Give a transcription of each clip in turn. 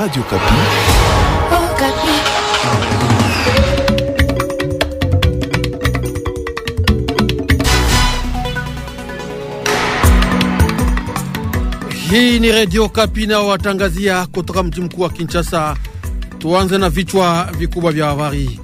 Radio Kapi. Oh, Kapi. Hii ni Radio Kapi na watangazia kutoka mji mkuu wa Kinshasa. Tuanze na vichwa vikubwa vya habari.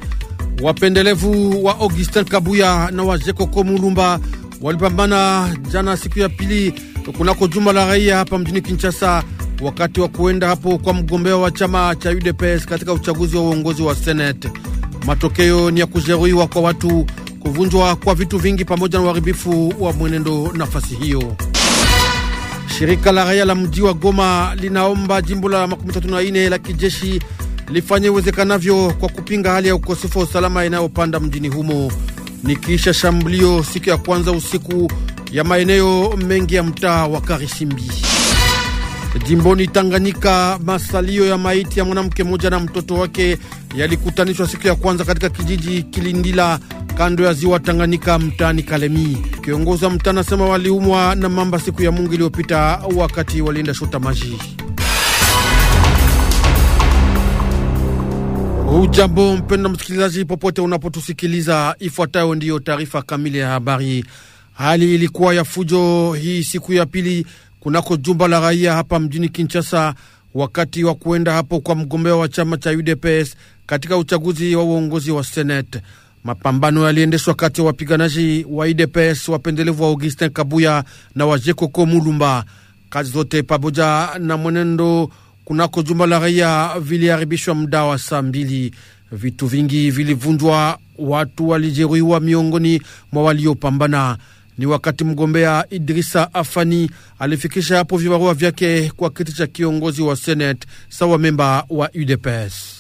Wapendelevu wa Augustin Kabuya na wa Jekoko Mulumba walipambana jana siku ya pili kunako juma la raia hapa mjini Kinshasa wakati wa kuenda hapo kwa mgombea wa chama cha UDPS katika uchaguzi wa uongozi wa Senate. Matokeo ni ya kujeruhiwa kwa watu, kuvunjwa kwa vitu vingi, pamoja na uharibifu wa mwenendo nafasi hiyo. Shirika la raia la mji wa Goma linaomba jimbo la 34 la kijeshi lifanye uwezekanavyo kwa kupinga hali ya ukosefu wa usalama inayopanda mjini humo, nikiisha shambulio siku ya kwanza usiku ya maeneo mengi ya mtaa wa Karishimbi. Jimboni Tanganyika, masalio ya maiti ya mwanamke mmoja na mtoto wake yalikutanishwa siku ya kwanza katika kijiji Kilindila kando ya ziwa Tanganyika mtaani Kalemi. Kiongozi wa mtaa anasema waliumwa na mamba siku ya Mungu iliyopita wakati walienda shota maji. Ujambo mpendo msikilizaji, popote unapotusikiliza, ifuatayo ndiyo taarifa kamili ya habari. Hali ilikuwa ya fujo hii siku ya pili kunako jumba la raia hapa mjini Kinshasa wakati wa kuenda hapo kwa mgombea wa chama cha UDPS katika uchaguzi wa uongozi wa Senate. Mapambano yaliendeshwa kati ya wapiganaji wa UDPS wapendelevu wa Augustin Kabuya na Wajekoko Mulumba. Kazi zote pamoja na mwenendo kunako jumba la raia viliharibishwa muda wa saa mbili. Vitu vingi vilivunjwa, watu walijeruhiwa miongoni mwa waliopambana. Ni wakati mgombea Idrisa Afani alifikisha hapo vibarua vyake kwa kiti cha kiongozi wa senate sawa memba wa UDPS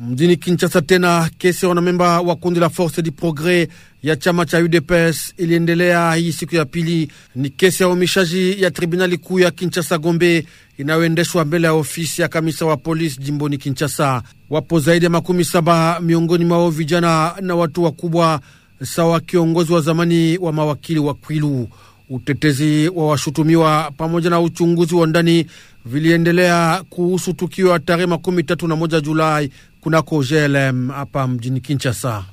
mjini Kinshasa. Tena kesi ya wanamemba wa kundi la Force du Progres ya chama cha UDPS iliendelea hii siku ya pili. Ni kesi ya umishaji ya tribunali kuu ya Kinshasa Gombe inayoendeshwa mbele ya ofisi ya kamisa wa polisi jimboni Kinshasa. Wapo zaidi ya makumi saba miongoni mwao vijana na watu wakubwa sawa kiongozi wa zamani wa mawakili wa Kwilu. Utetezi wa washutumiwa pamoja na uchunguzi wa ndani viliendelea kuhusu tukio ya tarehe makumi tatu na moja Julai kunako JLM hapa mjini Kinshasa.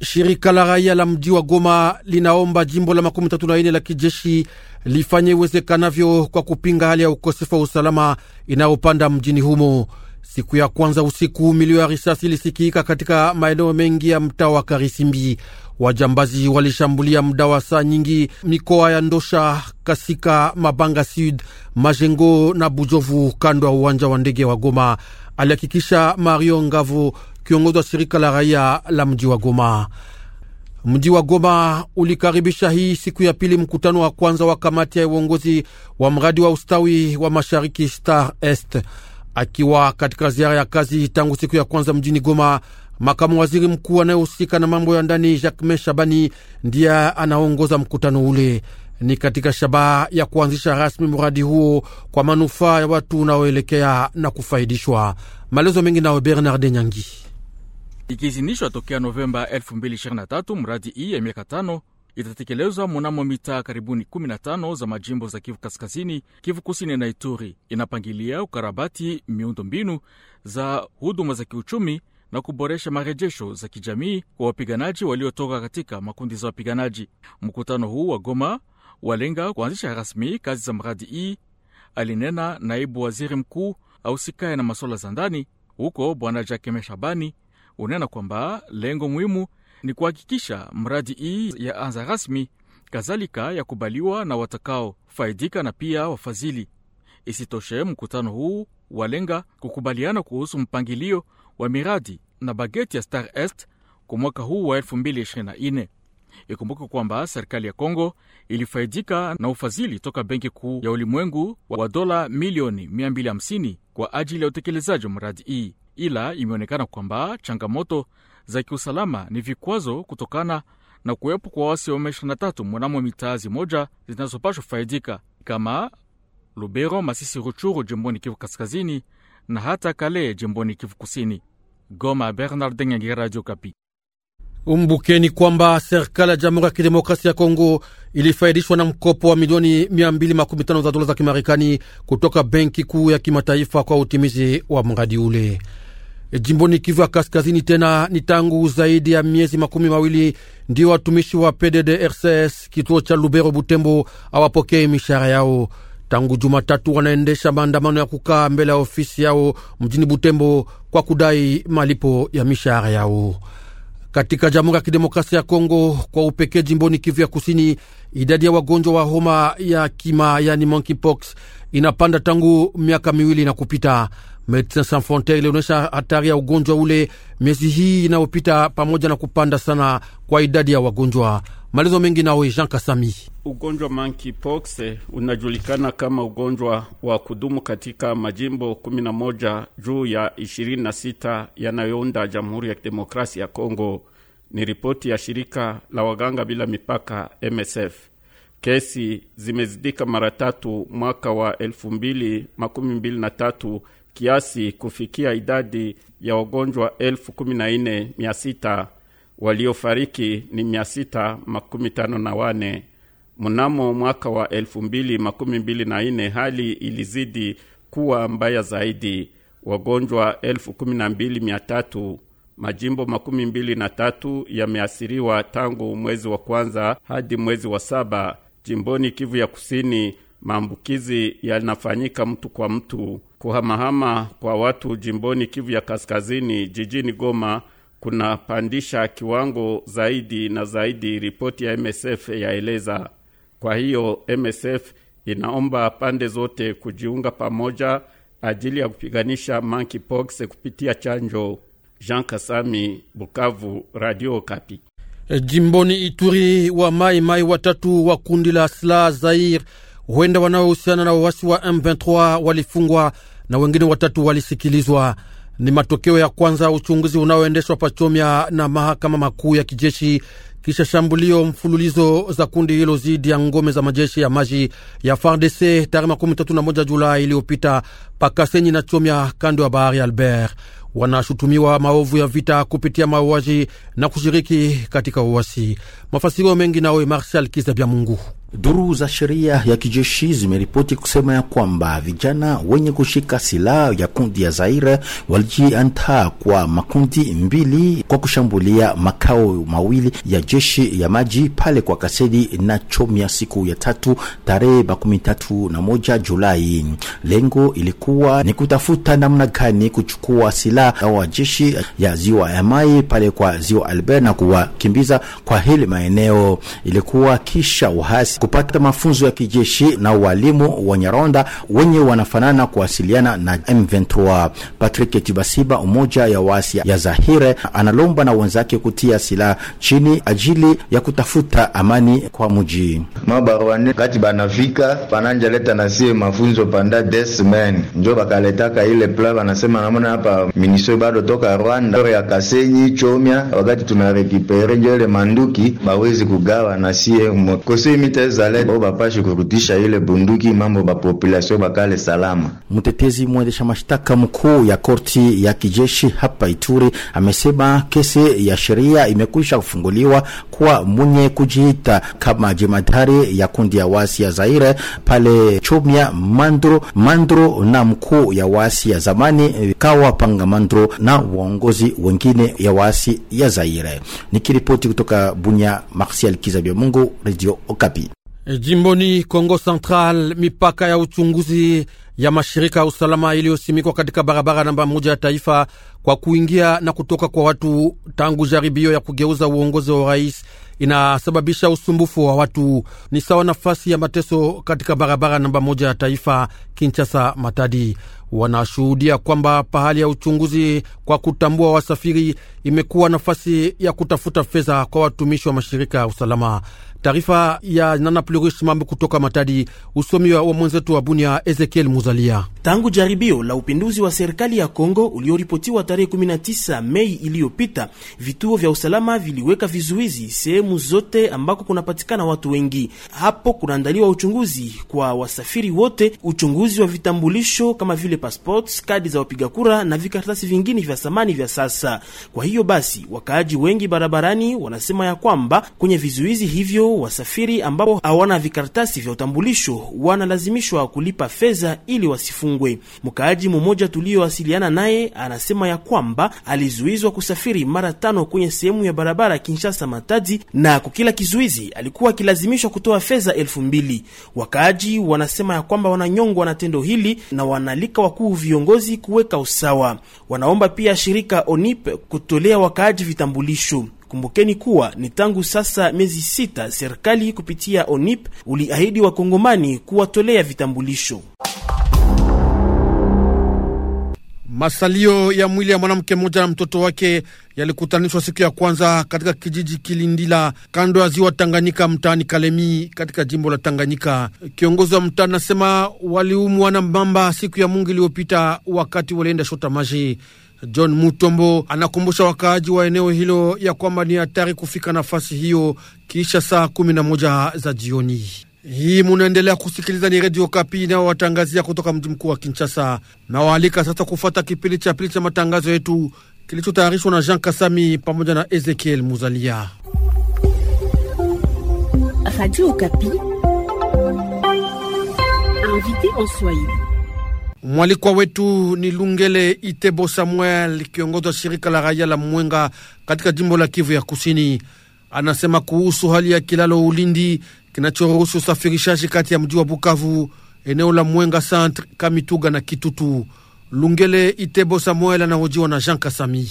Shirika la raia la mji wa Goma linaomba jimbo la makumi tatu na la kijeshi lifanye iwezekanavyo kwa kupinga hali ya ukosefu wa usalama inayopanda mjini humo. Siku ya kwanza usiku, milio ya risasi ilisikika katika maeneo mengi ya mtaa wa Karisimbi. Wajambazi walishambulia mda wa saa nyingi mikoa ya Ndosha, Kasika, Mabanga Sud, Majengo na Bujovu, kando ya uwanja wa ndege wa Goma, alihakikisha Mario Ngavo, kiongozi wa shirika la raia la mji wa Goma. Mji wa Goma ulikaribisha hii siku ya pili mkutano wa kwanza wa kamati ya uongozi wa mradi wa ustawi wa mashariki Star Est. Akiwa katika ziara ya kazi tangu siku ya kwanza mjini Goma, makamu waziri mkuu anayehusika na mambo ya ndani Jacquemain Shabani ndiye anaongoza mkutano ule. Ni katika shabaha ya kuanzisha rasmi mradi huo kwa manufaa ya watu unaoelekea na kufaidishwa. Maelezo mengi nawe Bernard Nyangi. Ikiizinishwa tokea Novemba 2023 mradi hii ya miaka tano itatekelezwa mnamo mitaa karibuni 15 za majimbo za Kivu Kaskazini, Kivu Kusini na Ituri. Inapangilia ukarabati miundo mbinu za huduma za kiuchumi na kuboresha marejesho za kijamii kwa wapiganaji waliotoka katika makundi za wapiganaji. Mkutano huu wa Goma walenga kuanzisha rasmi kazi za mradi hii, alinena naibu waziri mkuu ausikaye na masuala za ndani huko Bwana Jakeme Shabani. Unena kwamba lengo muhimu ni kuhakikisha mradi hii ya anza rasmi, kadhalika kubaliwa na watakaofaidika na pia wafadhili. Isitoshe, mkutano huu walenga kukubaliana kuhusu mpangilio wa miradi na bageti ya Star Est kwa mwaka huu wa 2024. Ikumbuke kwamba serikali ya Kongo ilifaidika na ufadhili toka Benki Kuu ya Ulimwengu wa dola milioni 250 kwa ajili ya utekelezaji wa mradi hii, ila imeonekana kwamba changamoto za kiusalama ni vikwazo kutokana na kuwepo kwa waasi wa M23 mwanamo mitaazi moja zinazopashwa faidika kama Lubero, Masisi, Ruchuru jimboni Kivu Kaskazini na hata Kale jimboni Kivu Kusini. Goma, Bernard Nyangi, Radio Kapi. Umbukeni kwamba serikali ya Jamhuri ya Kidemokrasia ya Kongo ilifaidishwa na mkopo wa milioni 215 za dola za Kimarekani kutoka Benki Kuu ya Kimataifa kwa utimizi wa mradi ule. E, jimboni Kivu ya Kaskazini, tena ni tangu zaidi ya miezi makumi mawili ndio watumishi wa PDD kituo cha Lubero Butembo awapokee mishahara yao. Tangu Jumatatu wanaendesha maandamano ya kukaa mbele ya ofisi yao mjini Butembo kwa kudai malipo ya mishahara yao. Katika Jamhuri ya Kidemokrasia ya Kongo, kwa upekee jimboni Kivu ya Kusini, idadi ya wagonjwa wa homa ya kima, yani monkeypox inapanda tangu miaka miwili na kupita. Medecins Sans Frontiere ilionyesha hatari ya ugonjwa ule miezi hii inayopita, pamoja na kupanda sana kwa idadi ya wagonjwa. Maelezo mengi nawe Jean Kasami. Ugonjwa monkeypox eh, unajulikana kama ugonjwa wa kudumu katika majimbo 11 juu ya 26 yanayounda Jamhuri ya Kidemokrasia ya Kongo. Ni ripoti ya shirika la waganga bila mipaka MSF. Kesi zimezidika mara tatu mwaka wa elfu mbili makumi mbili na tatu kiasi kufikia idadi ya wagonjwa elfu kumi na nne mia sita waliofariki ni mia sita makumi tano na wane. Mnamo mwaka wa elfu mbili makumi mbili na nne hali ilizidi kuwa mbaya zaidi, wagonjwa elfu kumi na mbili mia tatu Majimbo makumi mbili na tatu yameasiriwa tangu mwezi wa kwanza hadi mwezi wa saba jimboni Kivu ya Kusini, maambukizi yanafanyika mtu kwa mtu. Kuhamahama kwa watu jimboni Kivu ya Kaskazini, jijini Goma, kunapandisha kiwango zaidi na zaidi, ripoti ya MSF yaeleza. Kwa hiyo MSF inaomba pande zote kujiunga pamoja ajili ya kupiganisha monkeypox kupitia chanjo. Jean Kasami, Bukavu, Radio Kapi. Eh, jimboni Ituri wa mai mai watatu wa kundi la silaha Zair huenda wanaohusiana na wawasi wa M23 walifungwa na wengine watatu walisikilizwa. Ni matokeo ya kwanza uchunguzi unaoendeshwa pachomya na mahakama makuu ya kijeshi kisha shambulio mfululizo za kundi hilo dhidi ya ngome za majeshi ya maji ya FARDC tarehe 31 Julai iliyopita pakasenyi na Chomya, kando ya bahari Albert wanashutumiwa maovu ya vita kupitia mauaji na kushiriki katika uasi. Mafasirio mengi nawe Marshal Kizabya Mungu. Duru za sheria ya kijeshi zimeripoti kusema ya kwamba vijana wenye kushika silaha ya kundi ya Zaire walijianta kwa makundi mbili kwa kushambulia makao mawili ya jeshi ya maji pale kwa Kasedi na Chomia siku ya tatu tarehe makumi tatu na moja Julai. Lengo ilikuwa ni kutafuta namna gani kuchukua silaha wa jeshi ya ziwa ya Mai pale kwa ziwa Albert na kuwakimbiza kwa hili maeneo. Ilikuwa kisha uhasi kupata mafunzo ya kijeshi na walimu wa nyaronda wenye wanafanana kuwasiliana na M23. Patrick Tibasiba, umoja ya waasi ya Zahire, analomba na wenzake kutia silaha chini ajili ya kutafuta amani kwa muji mabarwani kati banafika bananja leta nasie mafunzo panda desmen njo bakaletaka ile plan banasema namona hapa miniso bado toka Rwanda ya Kasenyi Chomya wakati tunarekipere njo ile manduki bawezi kugawa nasie mkose mita tutaweza leta bapashi kurudisha ile bunduki mambo bapopulasio bakale salama. Mtetezi mwendesha mashtaka mkuu ya korti ya kijeshi hapa Ituri amesema kesi ya sheria imekwisha kufunguliwa kwa mwenye kujiita kama jemadari ya kundi ya wasi ya Zaire pale Chomia Mandro Mandro na mkuu ya wasi ya zamani Kawa Panga Mandro na waongozi wengine ya wasi ya Zaire. Nikiripoti kutoka Bunya, Martial Kizabia Mungu, Radio Okapi. Jimboni Kongo Central, mipaka ya uchunguzi ya mashirika ya usalama iliyosimikwa katika barabara namba moja ya taifa kwa kuingia na kutoka kwa watu tangu jaribio ya kugeuza uongozi wa rais inasababisha usumbufu wa watu, ni sawa nafasi ya mateso katika barabara namba moja ya taifa kinchasa Matadi. Wanashuhudia kwamba pahali ya uchunguzi kwa kutambua wasafiri imekuwa nafasi ya kutafuta fedha kwa watumishi wa mashirika ya usalama. Taarifa ya Nana Plurish Mambo kutoka Matadi, usomi wa mwenzetu wa Bunia, Ezekiel Muzalia. Tangu jaribio la upinduzi wa serikali ya Kongo ulioripotiwa tarehe 19 Mei iliyopita, vituo vya usalama viliweka vizuizi sehemu zote ambako kunapatikana watu wengi. Hapo kunaandaliwa uchunguzi kwa wasafiri wote, uchunguzi wa vitambulisho kama vile passports, kadi za wapiga kura na vikaratasi vingine vya samani vya sasa. Kwa hiyo basi, wakaaji wengi barabarani wanasema ya kwamba kwenye vizuizi hivyo wasafiri ambao hawana vikaratasi vya utambulisho wanalazimishwa kulipa fedha ili wasifungwe. Mkaaji mmoja tuliyoasiliana naye anasema ya kwamba alizuizwa kusafiri mara tano kwenye sehemu ya barabara ya Kinshasa Matadi, na kwa kila kizuizi alikuwa akilazimishwa kutoa fedha elfu mbili. Wakaaji wanasema ya kwamba wananyongwa na tendo hili na wanaalika wakuu viongozi kuweka usawa. Wanaomba pia shirika ONIP kutolea wakaaji vitambulisho. Kumbukeni kuwa ni tangu sasa miezi sita serikali kupitia ONIP uliahidi wakongomani kuwatolea vitambulisho. Masalio ya mwili ya mwanamke mmoja na mtoto wake yalikutanishwa siku ya kwanza katika kijiji Kilindila kando ya ziwa Tanganyika mtaani Kalemi katika jimbo la Tanganyika. Kiongozi wa mtaa anasema waliumwa na mbamba siku ya Mungu iliyopita wakati walienda shota maji. John Mutombo anakumbusha wakaaji wa eneo hilo ya kwamba ni hatari kufika nafasi hiyo kisha saa kumi na moja za jioni. Hii munaendelea kusikiliza ni Redio Kapi inayowatangazia kutoka mji mkuu wa Kinshasa. Nawaalika sasa kufuata kipindi cha pili cha matangazo yetu kilichotayarishwa na Jean Kasami pamoja na Ezekiel Muzalia. Radio Kapi invité en Swahili Mwalikwa wetu ni Lungele Itebo Samuel, kiongozi wa shirika la raia la Mwenga katika jimbo la Kivu ya Kusini. Anasema kuhusu hali ya kilalo Ulindi kinachoruhusu usafirishaji kati ya mji wa Bukavu, eneo la Mwenga Centre, Kamituga na Kitutu. Lungele Itebo Samuel anahojiwa na Jean Kasami.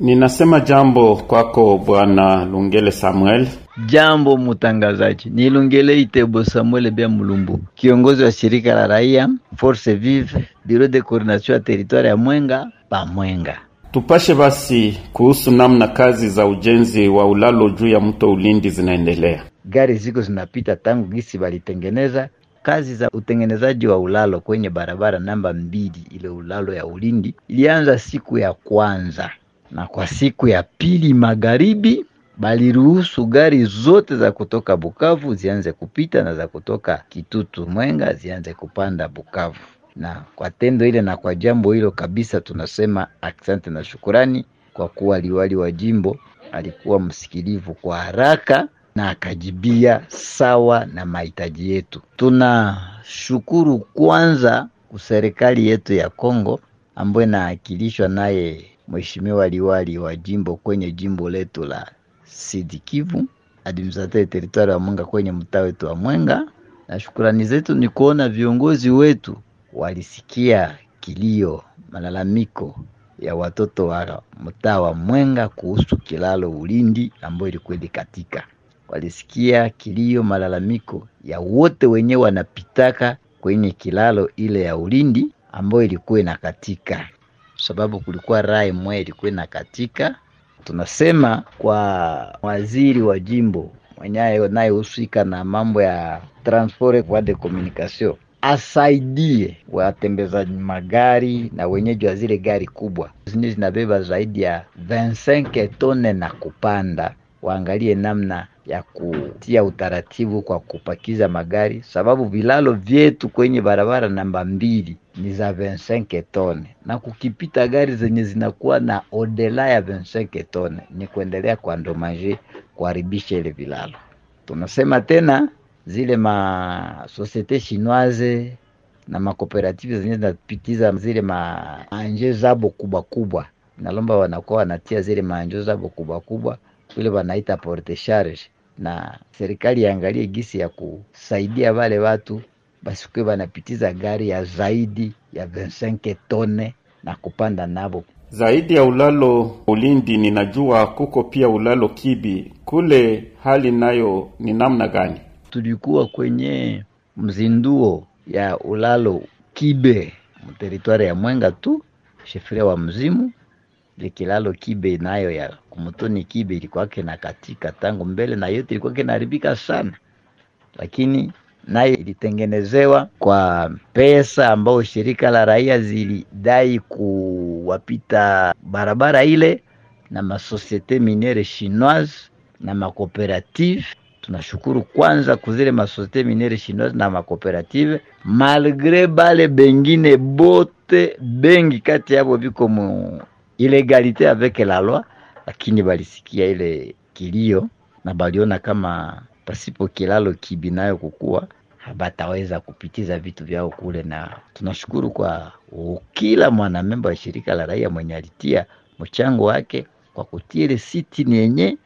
Ninasema jambo kwako Bwana Lungele Samuel. Jambo mutangazaji, ni Lungele Itebo Samuel Bia Mulumbu, kiongozi wa shirika la raia Force Vive, Bureau de Coordination ya Teritoire ya Mwenga pa Mwenga. Tupashe basi kuhusu namna kazi za ujenzi wa ulalo juu ya mto Ulindi zinaendelea. Gari ziko zinapita tangu gisi walitengeneza kazi za utengenezaji wa ulalo kwenye barabara namba mbili, ile ulalo ya Ulindi ilianza siku ya kwanza na kwa siku ya pili magharibi baliruhusu gari zote za kutoka Bukavu zianze kupita na za kutoka Kitutu Mwenga zianze kupanda Bukavu. Na kwa tendo ile na kwa jambo hilo kabisa, tunasema asante na shukurani kwa kuwa liwali wa jimbo alikuwa msikilivu kwa haraka na akajibia sawa na mahitaji yetu. Tunashukuru kwanza serikali yetu ya Kongo ambayo inaakilishwa naye Mheshimiwa Liwali wa jimbo kwenye jimbo letu la Sidikivu, Kivu, administrateur territoire wa Mwenga kwenye mtaa wetu wa Mwenga, na shukrani zetu ni kuona viongozi wetu walisikia kilio, malalamiko ya watoto wa mtaa wa Mwenga kuhusu kilalo Ulindi ambayo ilikuwa ilikatika. Walisikia kilio, malalamiko ya wote wenye wanapitaka kwenye kilalo ile ya Ulindi ambayo ilikuwa inakatika sababu kulikuwa rai mwe ilikuwa na katika. Tunasema kwa waziri wa jimbo mwenyewe anayehusika na mambo ya transport kwa de communication asaidie watembezaji magari na wenyeji wa zile gari kubwa zenye zinabeba zaidi ya 25 tone na kupanda waangalie namna ya kutia utaratibu kwa kupakiza magari, sababu vilalo vyetu kwenye barabara namba mbili ni za 25 tone, na kukipita gari zenye zinakuwa na odela ya 25 tone ni kuendelea kuandomaje, kuharibisha ile vilalo. Tunasema tena zile ma societe chinoise na makooperative zenye zinapitiza zile maanje zabo kubwa kubwa, nalomba wanakuwa wanatia zile maanje zabo kubwa kubwa vile wanaita porte charge, na serikali yaangalie gisi ya kusaidia wale watu basikuwe wanapitiza gari ya zaidi ya 25 tone na kupanda nabo zaidi ya ulalo Ulindi. Ninajua kuko pia ulalo Kibi, kule hali nayo ni namna gani? Tulikuwa kwenye mzinduo ya ulalo Kibe mteritwari ya Mwenga tu shefiria wa mzimu ile kilalo kibe nayo ya kumutoni kibe ilikuwa na katika tangu mbele, na yote ilikuwake ribika sana, lakini nayo ilitengenezewa kwa pesa ambao shirika la raia zilidai kuwapita barabara ile na masosiete miniere chinoise na makooperative. Tunashukuru kwanza kuzile masosiete miniere chinoise na makooperative, malgre bale bengine bote bengi kati yabo viko mu ilegalite aveke la loi, lakini balisikia ile kilio na baliona kama pasipo kilalo kibinayo kukua bataweza kupitiza vitu vyao kule, na tunashukuru kwa kila mwanamemba wa shirika la raia mwenye alitia mchango wake kwa kutia ile sitini yenye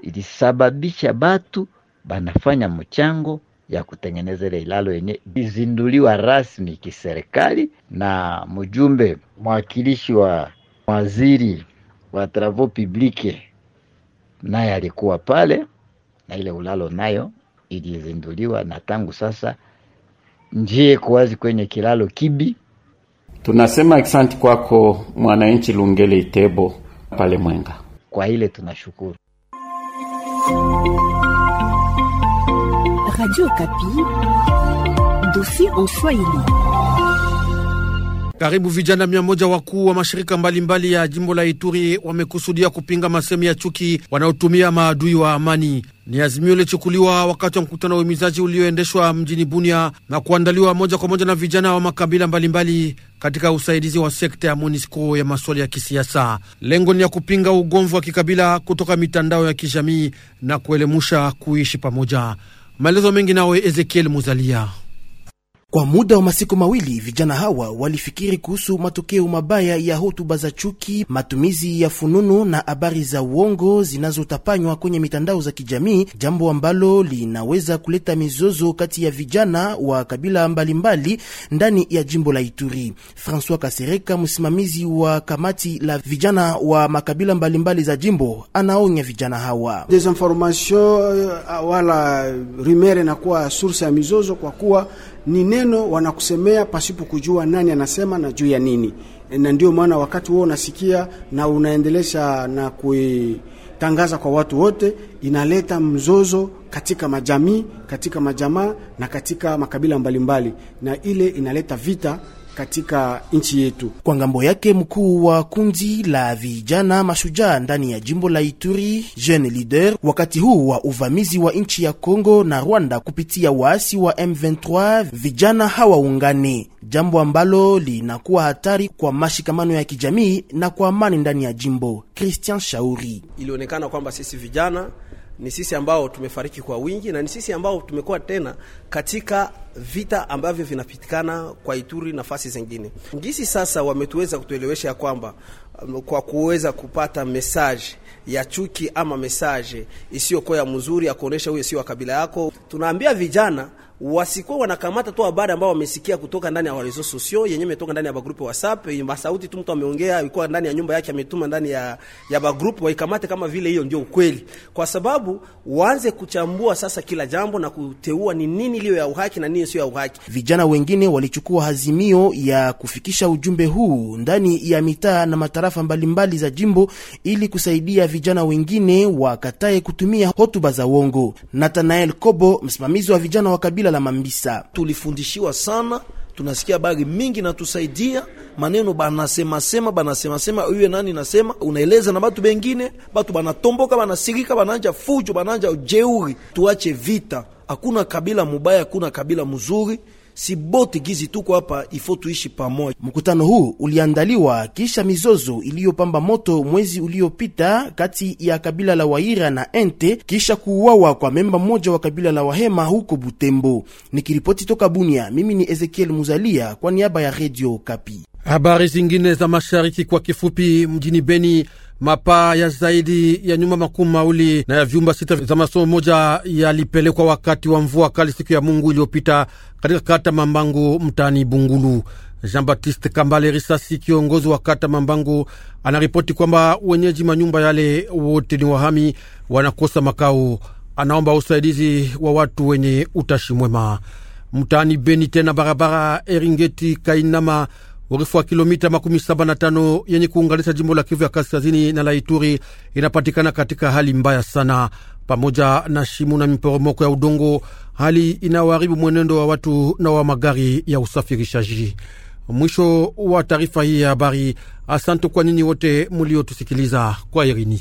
ilisababisha batu banafanya mchango ya kutengeneza ile ilalo yenye izinduliwa rasmi kiserikali na mjumbe mwakilishi wa waziri wa travaux publique naye alikuwa pale, na ile ulalo nayo ilizinduliwa, na tangu sasa njie kuwazi kwenye kilalo Kibi. Tunasema asante kwako mwananchi Lungele Itebo pale Mwenga. Kwa ile tunashukuru Radio Kapi dofi en Swahili. Karibu vijana mia moja wakuu wa mashirika mbalimbali mbali ya jimbo la Ituri wamekusudia kupinga masemi ya chuki wanaotumia maadui wa amani. Ni azimio ilichukuliwa wakati wa mkutano wa uhimizaji ulioendeshwa mjini Bunia na kuandaliwa moja kwa moja na vijana wa makabila mbalimbali mbali katika usaidizi wa sekta ya MONUSCO ya masuala ya kisiasa. Lengo ni ya kupinga ugomvi wa kikabila kutoka mitandao ya kijamii na kuelemusha kuishi pamoja. Maelezo mengi nawe Ezekiel Muzalia. Kwa muda wa masiku mawili vijana hawa walifikiri kuhusu matokeo mabaya ya hotuba za chuki, matumizi ya fununu na habari za uongo zinazotapanywa kwenye mitandao za kijamii, jambo ambalo linaweza kuleta mizozo kati ya vijana wa kabila mbalimbali mbali ndani ya jimbo la Ituri. Francois Kasereka, msimamizi wa kamati la vijana wa makabila mbalimbali mbali za jimbo, anaonya vijana hawa desinformation euh, wala rumere inakuwa source ya mizozo kwa kuwa ni neno wanakusemea pasipo kujua nani anasema na juu ya nini, na ndio maana wakati wewe unasikia na unaendelesha na kuitangaza kwa watu wote, inaleta mzozo katika majamii, katika majamaa na katika makabila mbalimbali mbali. Na ile inaleta vita katika nchi yetu. Kwa ngambo yake, mkuu wa kundi la vijana mashujaa ndani ya jimbo la Ituri, Jeune Leader, wakati huu wa uvamizi wa nchi ya Kongo na Rwanda kupitia waasi wa M23, vijana hawaungani, jambo ambalo linakuwa hatari kwa mashikamano ya kijamii na kwa amani ndani ya jimbo. Christian Shauri: ilionekana kwamba sisi vijana ni sisi ambao tumefariki kwa wingi na ni sisi ambao tumekuwa tena katika vita ambavyo vinapitikana kwa Ituri nafasi zingine. Ngisi sasa wametuweza kutuelewesha ya kwamba um, kwa kuweza kupata mesaje ya chuki ama mesaje isiyokuwa ya mzuri ya kuonesha huyo sio wa kabila yako, tunaambia vijana wasikuwa wanakamata tu habari ambao wamesikia kutoka ndani ya warezo sosio yenye imetoka ndani ya bagrupu WhatsApp, masauti tu mtu ameongea ilikuwa ndani ya nyumba yake ametuma ndani ya, ya bagrupu, waikamate kama vile hiyo ndio ukweli, kwa sababu waanze kuchambua sasa kila jambo na kuteua ni nini iliyo ya uhaki na nini sio ya uhaki. Vijana wengine walichukua hazimio ya kufikisha ujumbe huu ndani ya mitaa na matarafa mbalimbali za jimbo ili kusaidia vijana wengine wakatae kutumia hotuba za uongo. Nathanael Kobo, msimamizi wa vijana wa kabila kabila la Mambisa. Tulifundishiwa sana, tunasikia bari mingi natusaidia maneno banasemasema banasemasema, uye nani nasema, unaeleza na batu bengine, batu banatomboka, banasirika, bananja fujo, bananja ujeuri. Tuache vita, hakuna kabila mubaya, hakuna kabila mzuri si bote gizi tuko hapa, ifo tuishi pamoja. Mkutano huu uliandaliwa kisha mizozo iliyopamba moto mwezi uliopita kati ya kabila la Waira na Ente kisha kuuawa kwa memba mmoja wa kabila la Wahema huko Butembo. Nikiripoti toka Bunia, mimi ni Ezekiel Muzalia kwa niaba ya redio Kapi. Habari zingine za mashariki kwa kifupi. Mjini Beni, mapaa ya zaidi ya nyumba makumi mawili na ya vyumba sita za masomo moja yalipelekwa wakati wa mvua kali siku ya Mungu iliyopita katika kata Mambangu mtaani Bungulu. Jean Baptiste Kambale Risasi, kiongozi wa kata Mambangu, anaripoti kwamba wenyeji manyumba yale wote ni wahami wanakosa makao. Anaomba usaidizi wa watu wenye utashi mwema. Mtaani Beni tena barabara Eringeti Kainama Urefu wa kilomita makumi saba na tano yenye kuunganisha jimbo la Kivu ya kaskazini na la Ituri inapatikana katika hali mbaya sana, pamoja na shimu na miporomoko ya udongo, hali inayoharibu mwenendo wa watu na wa magari ya usafirishaji. Mwisho wa taarifa hii ya habari. Asante kwa nyinyi wote muliotusikiliza kwa Irini.